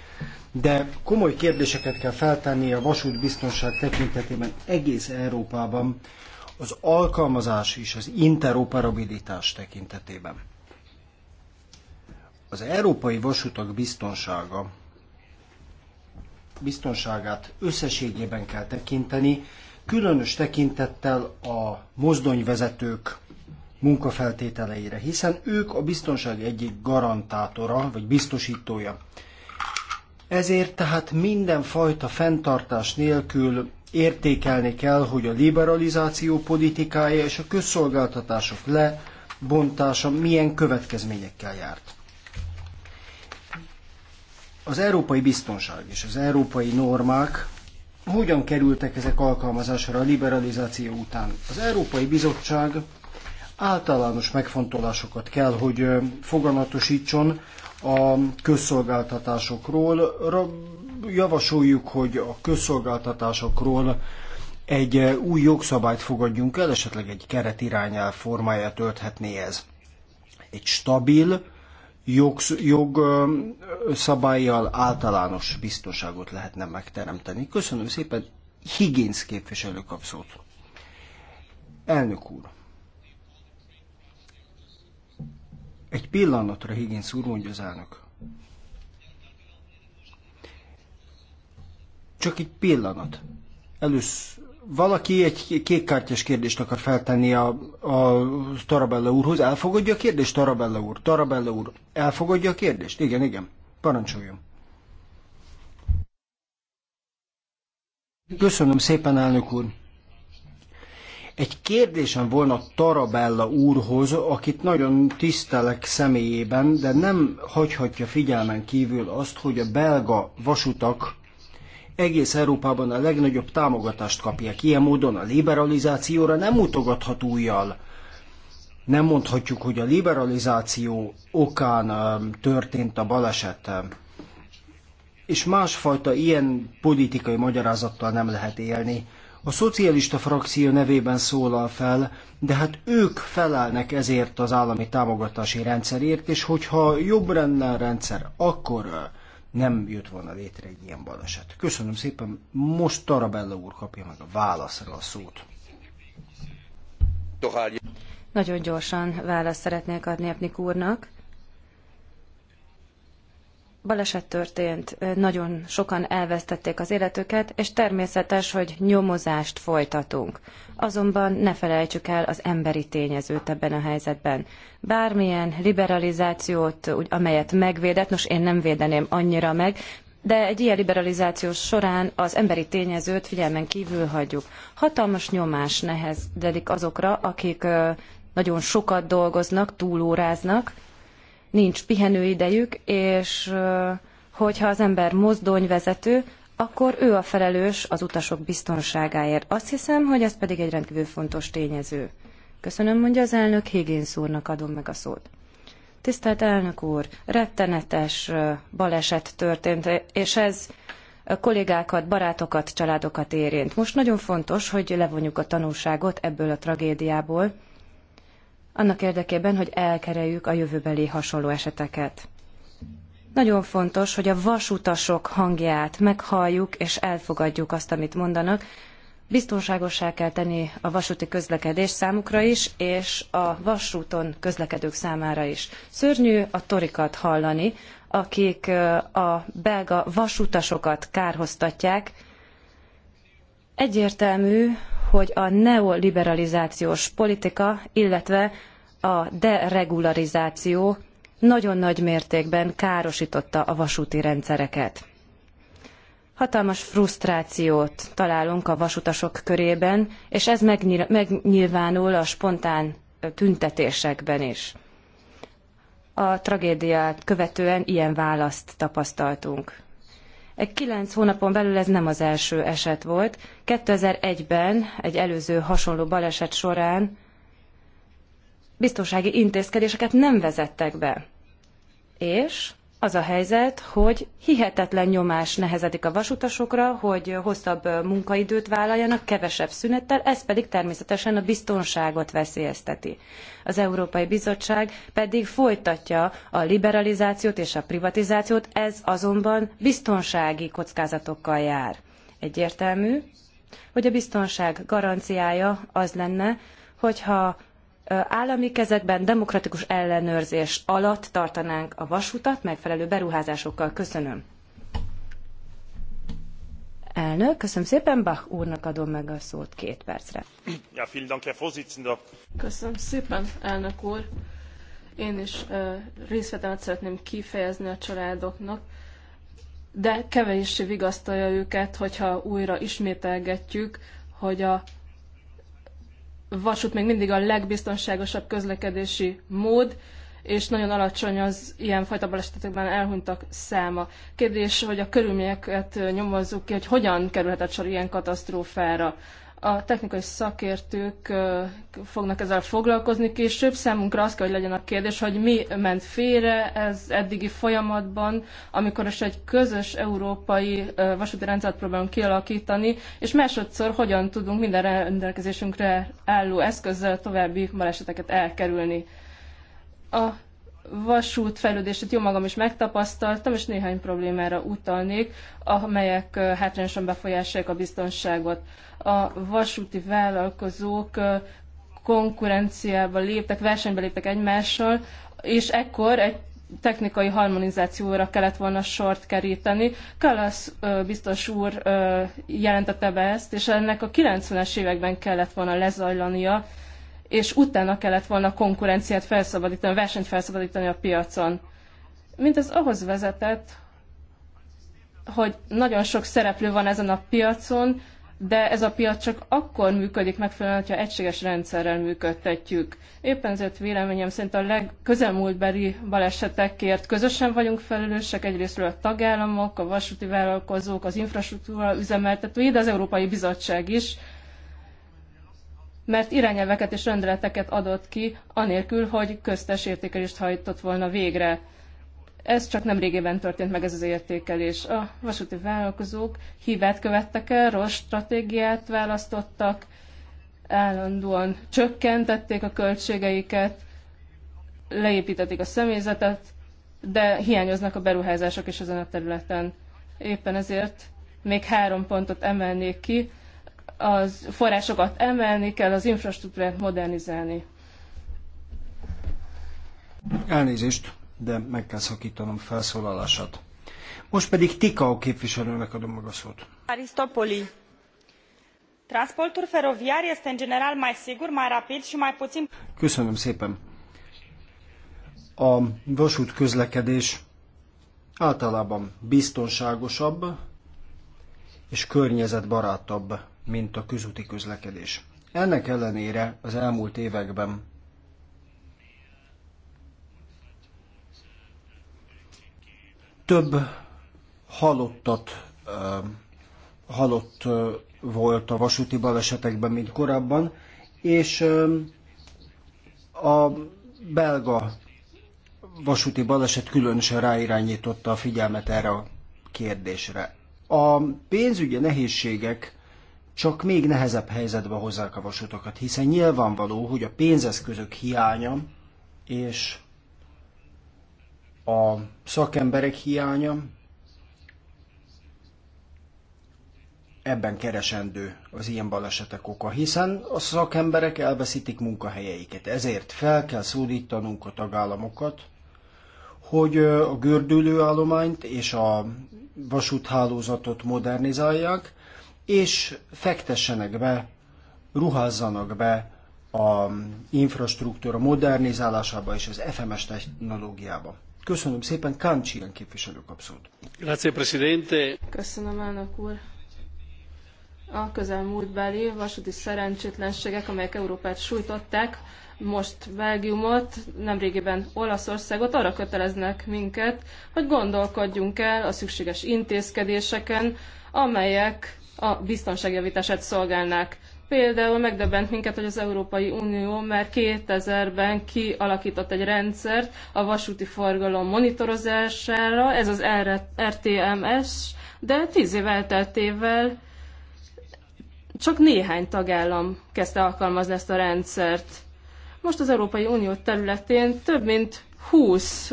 Speaker 3: de komoly kérdéseket kell feltenni a vasútbiztonság tekintetében egész Európában, az alkalmazás és az interoperabilitás tekintetében. Az európai vasutak biztonsága, biztonságát összességében kell tekinteni, különös tekintettel a mozdonyvezetők munkafeltételeire, hiszen ők a biztonság egyik garantátora, vagy biztosítója. Ezért tehát mindenfajta fenntartás nélkül értékelni kell, hogy a liberalizáció politikája és a közszolgáltatások lebontása milyen következményekkel járt. Az európai biztonság és az európai normák hogyan kerültek ezek alkalmazásra a liberalizáció után? Az Európai Bizottság általános megfontolásokat kell, hogy foganatosítson a közszolgáltatásokról. Javasoljuk, hogy a közszolgáltatásokról egy új jogszabályt fogadjunk el, esetleg egy keretirányel formáját ölthetné ez. Egy stabil, jogsz, jogszabályjal általános biztonságot lehetne megteremteni. Köszönöm szépen, Higgins képviselő kapszót. Elnök úr, egy pillanatra Higgins úr mondja az elnök. Csak egy pillanat. Először valaki egy kékkártyás kérdést akar feltenni a, a Tarabella úrhoz. Elfogadja a kérdést, Tarabella úr? Tarabella úr, elfogadja a kérdést? Igen, igen. Parancsoljon. Köszönöm szépen, elnök úr. Egy kérdésem volna Tarabella úrhoz, akit nagyon tisztelek személyében, de nem hagyhatja figyelmen kívül azt, hogy a belga vasutak egész Európában a legnagyobb támogatást kapják. Ilyen módon a liberalizációra nem mutogathat újjal. Nem mondhatjuk, hogy a liberalizáció okán um, történt a baleset. És másfajta ilyen politikai magyarázattal nem lehet élni. A szocialista frakció nevében szólal fel, de hát ők felelnek ezért az állami támogatási rendszerért, és hogyha jobb lenne a rendszer, akkor nem jött volna létre egy ilyen baleset. Köszönöm szépen, most Tarabella úr kapja meg a válaszra a szót.
Speaker 5: Nagyon gyorsan választ szeretnék adni Epnik úrnak baleset történt, nagyon sokan elvesztették az életüket, és természetes, hogy nyomozást folytatunk. Azonban ne felejtsük el az emberi tényezőt ebben a helyzetben. Bármilyen liberalizációt, amelyet megvédett, nos én nem védeném annyira meg, de egy ilyen liberalizáció során az emberi tényezőt figyelmen kívül hagyjuk. Hatalmas nyomás nehezedik azokra, akik nagyon sokat dolgoznak, túlóráznak, nincs pihenőidejük, és hogyha az ember mozdonyvezető, akkor ő a felelős az utasok biztonságáért. Azt hiszem, hogy ez pedig egy rendkívül fontos tényező. Köszönöm, mondja az elnök, Higgins úrnak adom meg a szót. Tisztelt elnök úr, rettenetes baleset történt, és ez kollégákat, barátokat, családokat érint. Most nagyon fontos, hogy levonjuk a tanulságot ebből a tragédiából, annak érdekében, hogy elkereljük a jövőbeli hasonló eseteket. Nagyon fontos, hogy a vasutasok hangját meghalljuk és elfogadjuk azt, amit mondanak. Biztonságosá kell tenni a vasúti közlekedés számukra is, és a vasúton közlekedők számára is. Szörnyű a torikat hallani, akik a belga vasutasokat kárhoztatják. Egyértelmű, hogy a neoliberalizációs politika, illetve a deregularizáció nagyon nagy mértékben károsította a vasúti rendszereket. Hatalmas frusztrációt találunk a vasutasok körében, és ez megnyilvánul a spontán tüntetésekben is. A tragédiát követően ilyen választ tapasztaltunk. Kilenc hónapon belül ez nem az első eset volt. 2001-ben egy előző hasonló baleset során biztonsági intézkedéseket nem vezettek be. És az a helyzet, hogy hihetetlen nyomás nehezedik a vasutasokra, hogy hosszabb munkaidőt vállaljanak, kevesebb szünettel, ez pedig természetesen a biztonságot veszélyezteti. Az Európai Bizottság pedig folytatja a liberalizációt és a privatizációt, ez azonban biztonsági kockázatokkal jár. Egyértelmű, hogy a biztonság garanciája az lenne, hogyha állami kezekben demokratikus ellenőrzés alatt tartanánk a vasutat megfelelő beruházásokkal. Köszönöm. Elnök, köszönöm szépen, Bach úrnak adom meg a szót két percre.
Speaker 4: Ja, vielen Dank, Herr Vorsitzender. Köszönöm szépen,
Speaker 6: elnök úr. Én is uh, részletemet szeretném kifejezni a családoknak, de kevéssé vigasztalja őket, hogyha újra ismételgetjük, hogy a vasút még mindig a legbiztonságosabb közlekedési mód, és nagyon alacsony az ilyenfajta balesetekben elhunytak száma. Kérdés, hogy a körülményeket nyomozzuk ki, hogy hogyan kerülhetett sor ilyen katasztrófára a technikai szakértők fognak ezzel foglalkozni később. Számunkra az kell, hogy legyen a kérdés, hogy mi ment félre ez eddigi folyamatban, amikor is egy közös európai vasúti rendszert próbálunk kialakítani, és másodszor hogyan tudunk minden rendelkezésünkre álló eszközzel további baleseteket elkerülni. A fejlődését jó magam is megtapasztaltam, és néhány problémára utalnék, amelyek hátrányosan befolyásolják a biztonságot. A vasúti vállalkozók konkurenciába léptek, versenybe léptek egymással, és ekkor egy technikai harmonizációra kellett volna sort keríteni. Kalasz biztos úr jelentette be ezt, és ennek a 90-es években kellett volna lezajlania, és utána kellett volna konkurenciát felszabadítani, versenyt felszabadítani a piacon. Mint ez ahhoz vezetett, hogy nagyon sok szereplő van ezen a piacon, de ez a piac csak akkor működik megfelelően, hogyha egységes rendszerrel működtetjük. Éppen ezért véleményem szerint a legközelmúltbeli balesetekért közösen vagyunk felelősek, egyrésztről a tagállamok, a vasúti vállalkozók, az infrastruktúra üzemeltetői, de az Európai Bizottság is, mert irányelveket és rendeleteket adott ki, anélkül, hogy köztes értékelést hajtott volna végre. Ez csak nem régében történt meg ez az értékelés. A vasúti vállalkozók hibát követtek el, rossz stratégiát választottak, állandóan csökkentették a költségeiket, leépítették a személyzetet, de hiányoznak a beruházások is ezen a területen. Éppen ezért még három pontot emelnék ki, az forrásokat emelni kell, az infrastruktúrát modernizálni.
Speaker 3: Elnézést, de meg kell szakítanom felszólalását. Most pedig Tikao képviselőnek adom meg a szót.
Speaker 1: Aristopoli. Transportul feroviar este în general mai sigur, mai rapid și mai puțin...
Speaker 3: Köszönöm szépen. A vasút közlekedés általában biztonságosabb és környezetbarátabb mint a közúti közlekedés. Ennek ellenére az elmúlt években több halottat, halott volt a vasúti balesetekben, mint korábban, és a belga vasúti baleset különösen ráirányította a figyelmet erre a kérdésre. A pénzügyi nehézségek csak még nehezebb helyzetbe hozzák a vasutakat, hiszen nyilvánvaló, hogy a pénzeszközök hiánya és a szakemberek hiánya ebben keresendő az ilyen balesetek oka, hiszen a szakemberek elveszítik munkahelyeiket. Ezért fel kell szólítanunk a tagállamokat, hogy a gördülőállományt és a vasúthálózatot modernizálják, és fektessenek be, ruházzanak be a infrastruktúra modernizálásába és az FMS technológiába. Köszönöm szépen, Káncsiren képviselő kapszót.
Speaker 4: Grazie, Presidente.
Speaker 6: Köszönöm, elnök úr. A közelmúltbeli vasúti szerencsétlenségek, amelyek Európát sújtották, most Belgiumot, nemrégiben Olaszországot arra köteleznek minket, hogy gondolkodjunk el a szükséges intézkedéseken, amelyek a biztonságjavítását szolgálnák. Például megdöbbent minket, hogy az Európai Unió már 2000-ben kialakított egy rendszert a vasúti forgalom monitorozására, ez az RTMS, de tíz év elteltével csak néhány tagállam kezdte alkalmazni ezt a rendszert. Most az Európai Unió területén több mint 20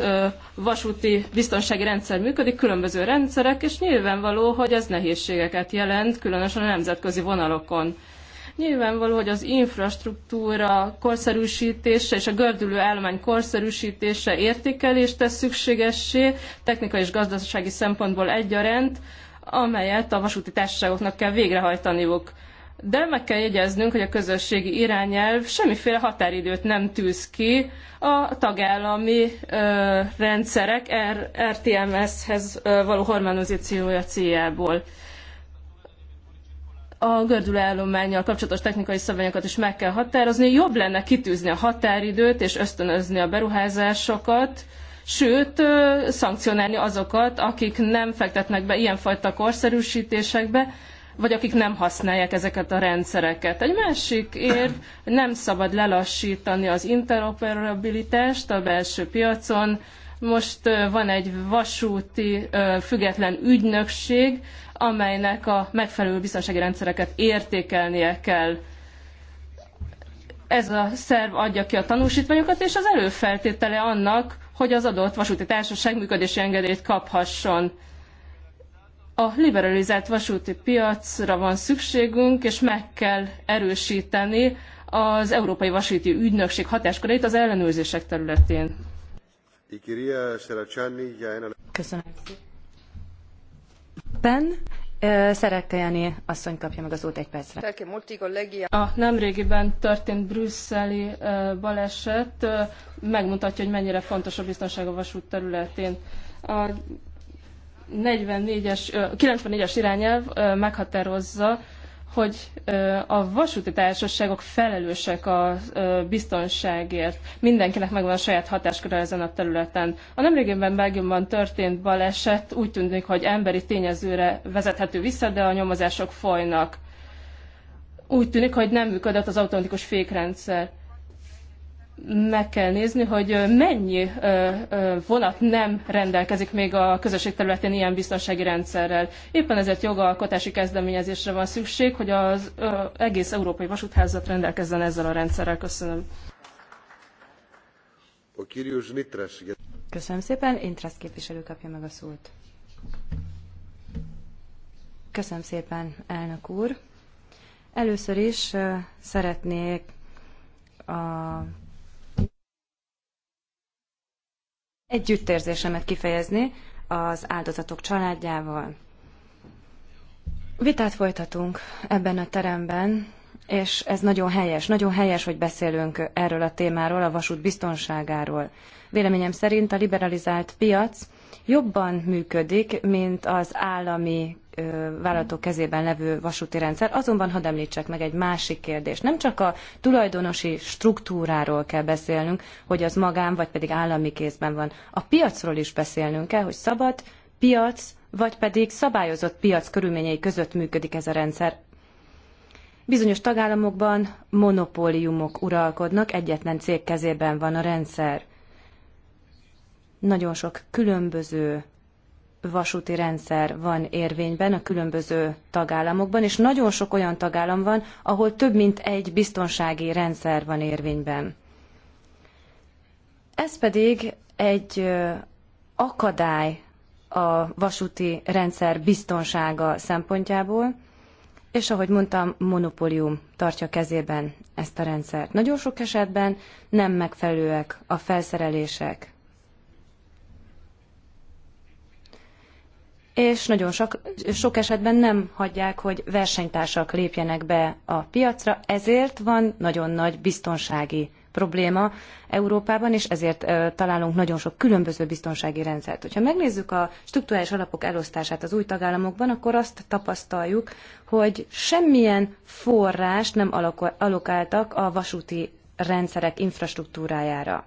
Speaker 6: vasúti biztonsági rendszer működik, különböző rendszerek, és nyilvánvaló, hogy ez nehézségeket jelent, különösen a nemzetközi vonalokon. Nyilvánvaló, hogy az infrastruktúra korszerűsítése és a gördülő állomány korszerűsítése értékelést tesz szükségessé, technikai és gazdasági szempontból egyaránt, amelyet a vasúti társaságoknak kell végrehajtaniuk de meg kell jegyeznünk, hogy a közösségi irányelv semmiféle határidőt nem tűz ki a tagállami ö, rendszerek RTMS-hez való harmonizációja céljából. A gördülállományjal kapcsolatos technikai szabványokat is meg kell határozni. Jobb lenne kitűzni a határidőt és ösztönözni a beruházásokat, sőt, szankcionálni azokat, akik nem fektetnek be ilyenfajta korszerűsítésekbe, vagy akik nem használják ezeket a rendszereket. Egy másik érv, nem szabad lelassítani az interoperabilitást a belső piacon. Most van egy vasúti független ügynökség, amelynek a megfelelő biztonsági rendszereket értékelnie kell ez a szerv adja ki a tanúsítványokat, és az előfeltétele annak, hogy az adott vasúti társaság működési engedélyt kaphasson. A liberalizált vasúti piacra van szükségünk, és meg kell erősíteni az Európai Vasúti Ügynökség hatáskörét az
Speaker 5: ellenőrzések területén. Köszönöm Ben, Szerektajani asszony kapja meg az út egy percre.
Speaker 4: A
Speaker 6: nemrégiben történt brüsszeli baleset megmutatja, hogy mennyire fontos a biztonság a vasút területén. A 44-es, 94-es irányelv meghatározza, hogy a vasúti társaságok felelősek a biztonságért. Mindenkinek megvan a saját hatásköre ezen a területen. A nemrégében Belgiumban történt baleset úgy tűnik, hogy emberi tényezőre vezethető vissza, de a nyomozások folynak. Úgy tűnik, hogy nem működött az automatikus fékrendszer meg kell nézni, hogy mennyi vonat nem rendelkezik még a közösség területén ilyen biztonsági rendszerrel. Éppen ezért jogalkotási kezdeményezésre van szükség, hogy az egész európai vasúthálózat rendelkezzen ezzel a rendszerrel. Köszönöm.
Speaker 5: Köszönöm szépen. Intrasz képviselő kapja meg a szót. Köszönöm szépen, elnök úr. Először is szeretnék a együttérzésemet kifejezni az áldozatok családjával. Vitát folytatunk ebben a teremben, és ez nagyon helyes. Nagyon helyes, hogy beszélünk erről a témáról, a vasút biztonságáról. Véleményem szerint a liberalizált piac jobban működik, mint az állami vállalatok kezében levő vasúti rendszer. Azonban hadd említsek meg egy másik kérdést. Nem csak a tulajdonosi struktúráról kell beszélnünk, hogy az magán vagy pedig állami kézben van. A piacról is beszélnünk kell, hogy szabad piac, vagy pedig szabályozott piac körülményei között működik ez a rendszer. Bizonyos tagállamokban monopóliumok uralkodnak, egyetlen cég kezében van a rendszer. Nagyon sok különböző vasúti rendszer van érvényben a különböző tagállamokban, és nagyon sok olyan tagállam van, ahol több mint egy biztonsági rendszer van érvényben. Ez pedig egy akadály a vasúti rendszer biztonsága szempontjából, és ahogy mondtam, monopólium tartja kezében ezt a rendszert. Nagyon sok esetben nem megfelelőek a felszerelések, és nagyon sok, sok esetben nem hagyják, hogy versenytársak lépjenek be a piacra, ezért van nagyon nagy biztonsági probléma Európában, és ezért találunk nagyon sok különböző biztonsági rendszert. Hogyha megnézzük a struktúrális alapok elosztását az új tagállamokban, akkor azt tapasztaljuk, hogy semmilyen forrás nem alokáltak a vasúti rendszerek infrastruktúrájára.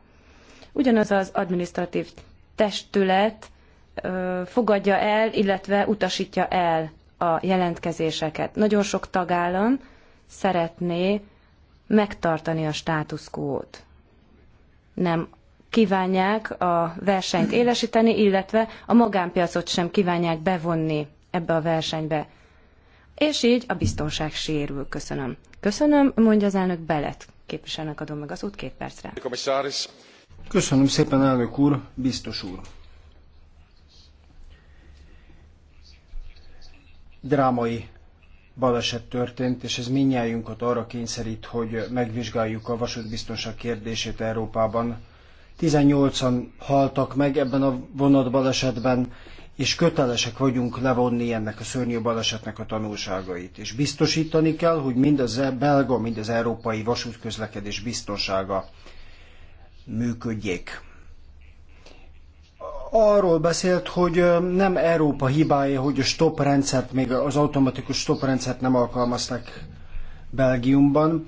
Speaker 5: Ugyanaz az administratív testület, fogadja el, illetve utasítja el a jelentkezéseket. Nagyon sok tagállam szeretné megtartani a státuszkót. Nem kívánják a versenyt élesíteni, illetve a magánpiacot sem kívánják bevonni ebbe a versenybe. És így a biztonság sérül. Köszönöm. Köszönöm, mondja az elnök Belet. Képviselnek adom meg az út két percre.
Speaker 3: Köszönöm szépen, elnök úr, biztos úr. drámai baleset történt, és ez minnyájunkat arra kényszerít, hogy megvizsgáljuk a vasútbiztonság kérdését Európában. 18-an haltak meg ebben a vonatbalesetben, és kötelesek vagyunk levonni ennek a szörnyű balesetnek a tanulságait. És biztosítani kell, hogy mind az e- belga, mind az európai vasútközlekedés biztonsága működjék arról beszélt, hogy nem Európa hibája, hogy a stop rendszert, még az automatikus stop rendszert nem alkalmazták Belgiumban.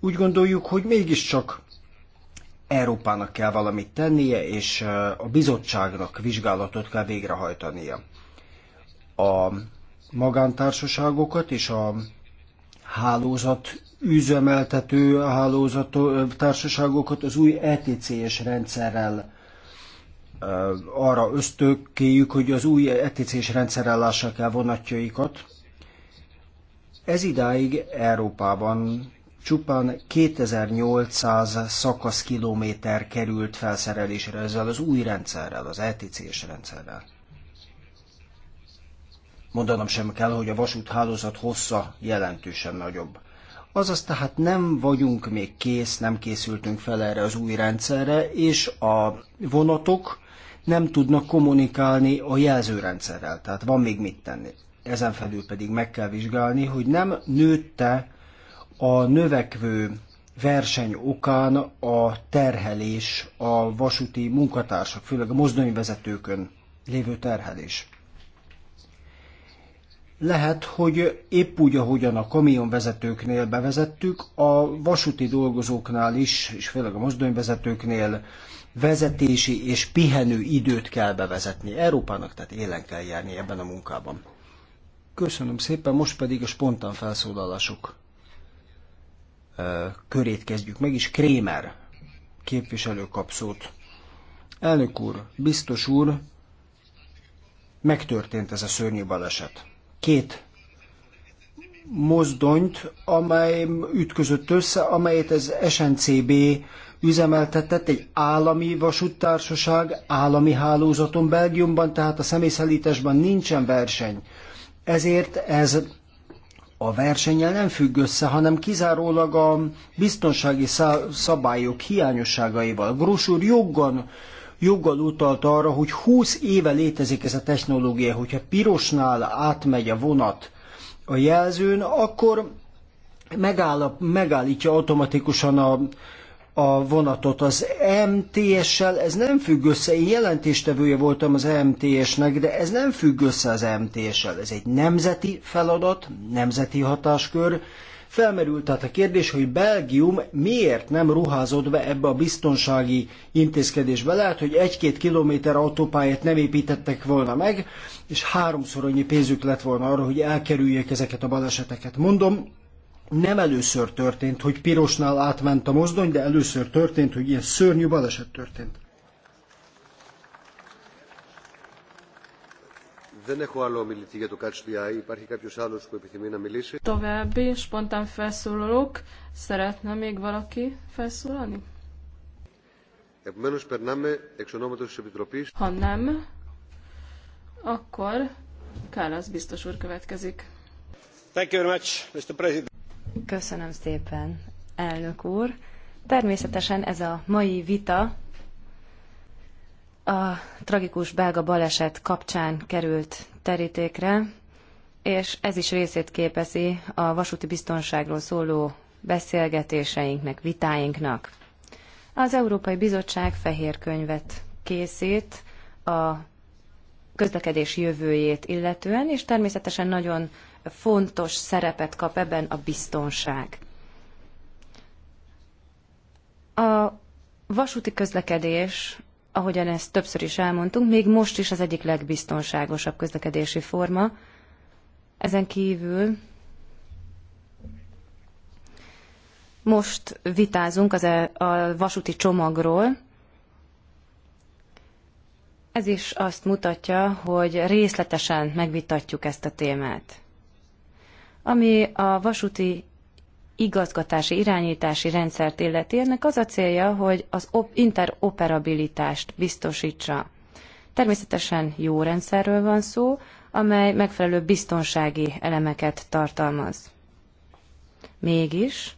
Speaker 3: Úgy gondoljuk, hogy mégiscsak Európának kell valamit tennie, és a bizottságnak vizsgálatot kell végrehajtania. A magántársaságokat és a hálózat üzemeltető hálózat társaságokat az új ETCS rendszerrel arra ösztökéjük, hogy az új ETC-s rendszerrel lássák el vonatjaikat. Ez idáig Európában csupán 2800 szakaszkilométer került felszerelésre ezzel az új rendszerrel, az ETC-s rendszerrel. Mondanom sem kell, hogy a vasúthálózat hossza jelentősen nagyobb. Azaz tehát nem vagyunk még kész, nem készültünk fel erre az új rendszerre, és a vonatok nem tudnak kommunikálni a jelzőrendszerrel, tehát van még mit tenni. Ezen felül pedig meg kell vizsgálni, hogy nem nőtte a növekvő verseny okán a terhelés a vasúti munkatársak, főleg a mozdonyvezetőkön lévő terhelés. Lehet, hogy épp úgy, ahogyan a kamionvezetőknél bevezettük, a vasúti dolgozóknál is, és főleg a mozdonyvezetőknél vezetési és pihenő időt kell bevezetni. Európának tehát élen kell járni ebben a munkában. Köszönöm szépen, most pedig a spontán felszólalások körét kezdjük meg, és Krémer képviselő kapszót. Elnök úr, biztos úr, megtörtént ez a szörnyű baleset. Két mozdonyt, amely ütközött össze, amelyet az SNCB üzemeltetett egy állami vasúttársaság állami hálózaton Belgiumban, tehát a személyszállításban nincsen verseny. Ezért ez a versennyel nem függ össze, hanem kizárólag a biztonsági szabályok hiányosságaival. Gross úr joggan, joggal utalt arra, hogy 20 éve létezik ez a technológia, hogyha pirosnál átmegy a vonat a jelzőn, akkor megáll, megállítja automatikusan a a vonatot az MTS-sel, ez nem függ össze, én jelentéstevője voltam az MTS-nek, de ez nem függ össze az MTS-sel, ez egy nemzeti feladat, nemzeti hatáskör, Felmerült tehát a kérdés, hogy Belgium miért nem ruházott be ebbe a biztonsági intézkedésbe. Lehet, hogy egy-két kilométer autópályát nem építettek volna meg, és háromszor annyi pénzük lett volna arra, hogy elkerüljék ezeket a baleseteket. Mondom, nem először történt, hogy pirosnál átment a mozdony, de először történt, hogy ilyen szörnyű baleset történt. További spontán
Speaker 6: felszólalók. Szeretne még valaki felszólalni? Ha nem, akkor
Speaker 5: Kálasz biztos úr következik.
Speaker 3: Thank you very much, Mr. President.
Speaker 5: Köszönöm szépen, elnök úr. Természetesen ez a mai vita a tragikus belga baleset kapcsán került terítékre, és ez is részét képezi a vasúti biztonságról szóló beszélgetéseinknek, vitáinknak. Az Európai Bizottság fehér könyvet készít a közlekedés jövőjét illetően, és természetesen nagyon fontos szerepet kap ebben a biztonság. A vasúti közlekedés, ahogyan ezt többször is elmondtunk, még most is az egyik legbiztonságosabb közlekedési forma. Ezen kívül most vitázunk az e- a vasúti csomagról, ez is azt mutatja, hogy részletesen megvitatjuk ezt a témát. Ami a vasúti igazgatási, irányítási rendszert illeti, ennek az a célja, hogy az interoperabilitást biztosítsa. Természetesen jó rendszerről van szó, amely megfelelő biztonsági elemeket tartalmaz. Mégis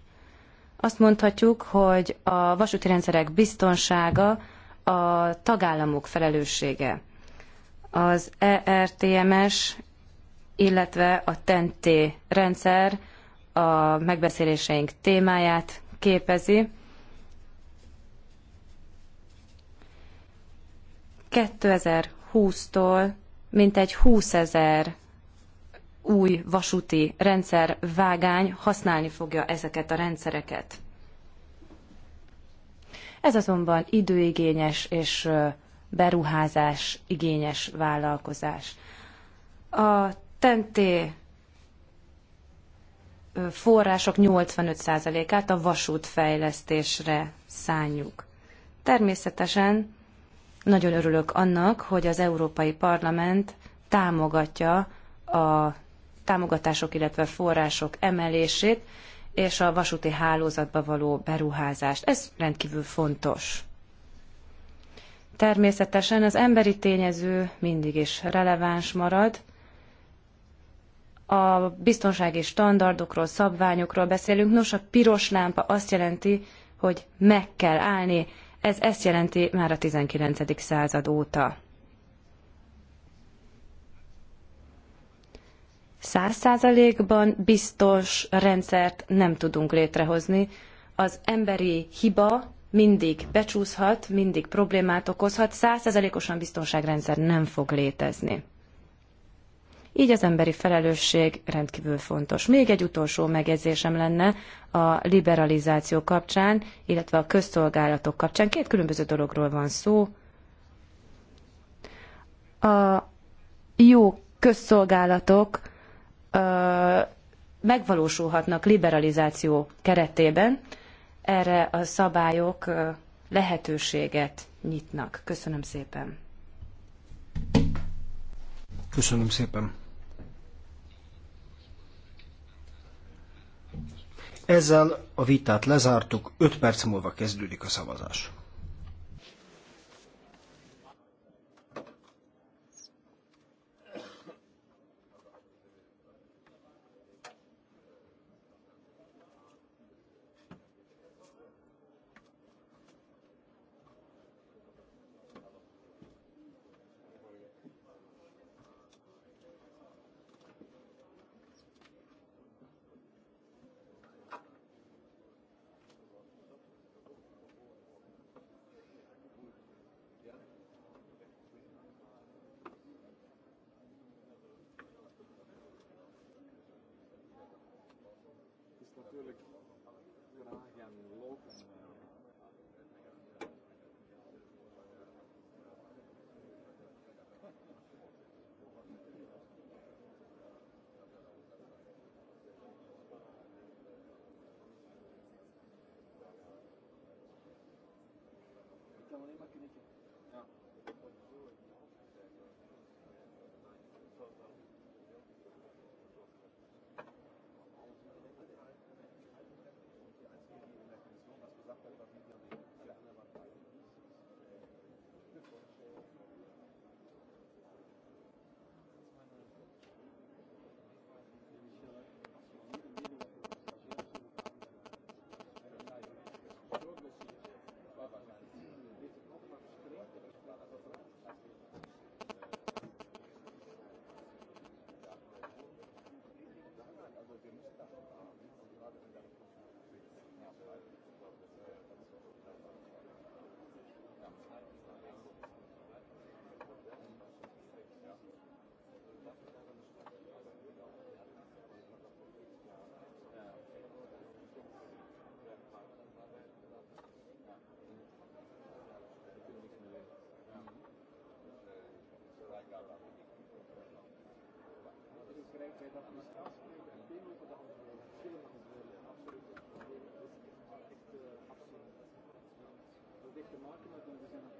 Speaker 5: azt mondhatjuk, hogy a vasúti rendszerek biztonsága a tagállamok felelőssége. Az ERTMS illetve a TNT rendszer a megbeszéléseink témáját képezi. 2020-tól mintegy 20 ezer új vasúti rendszer vágány használni fogja ezeket a rendszereket. Ez azonban időigényes és beruházás igényes vállalkozás. A tenté források 85%-át a vasútfejlesztésre szánjuk. Természetesen nagyon örülök annak, hogy az Európai Parlament támogatja a támogatások, illetve források emelését és a vasúti hálózatba való beruházást. Ez rendkívül fontos. Természetesen az emberi tényező mindig is releváns marad, a biztonsági standardokról, szabványokról beszélünk. Nos, a piros lámpa azt jelenti, hogy meg kell állni. Ez ezt jelenti már a 19. század óta. Száz százalékban biztos rendszert nem tudunk létrehozni. Az emberi hiba mindig becsúszhat, mindig problémát okozhat, Százszázalékosan biztonságrendszer nem fog létezni így az emberi felelősség rendkívül fontos. Még egy utolsó megjegyzésem lenne a liberalizáció kapcsán, illetve a közszolgálatok kapcsán. Két különböző dologról van szó. A jó közszolgálatok megvalósulhatnak liberalizáció keretében, erre a szabályok lehetőséget nyitnak. Köszönöm szépen.
Speaker 3: Köszönöm szépen. Ezzel a vitát lezártuk, 5 perc múlva kezdődik a szavazás. dikke maken, maar dan zijn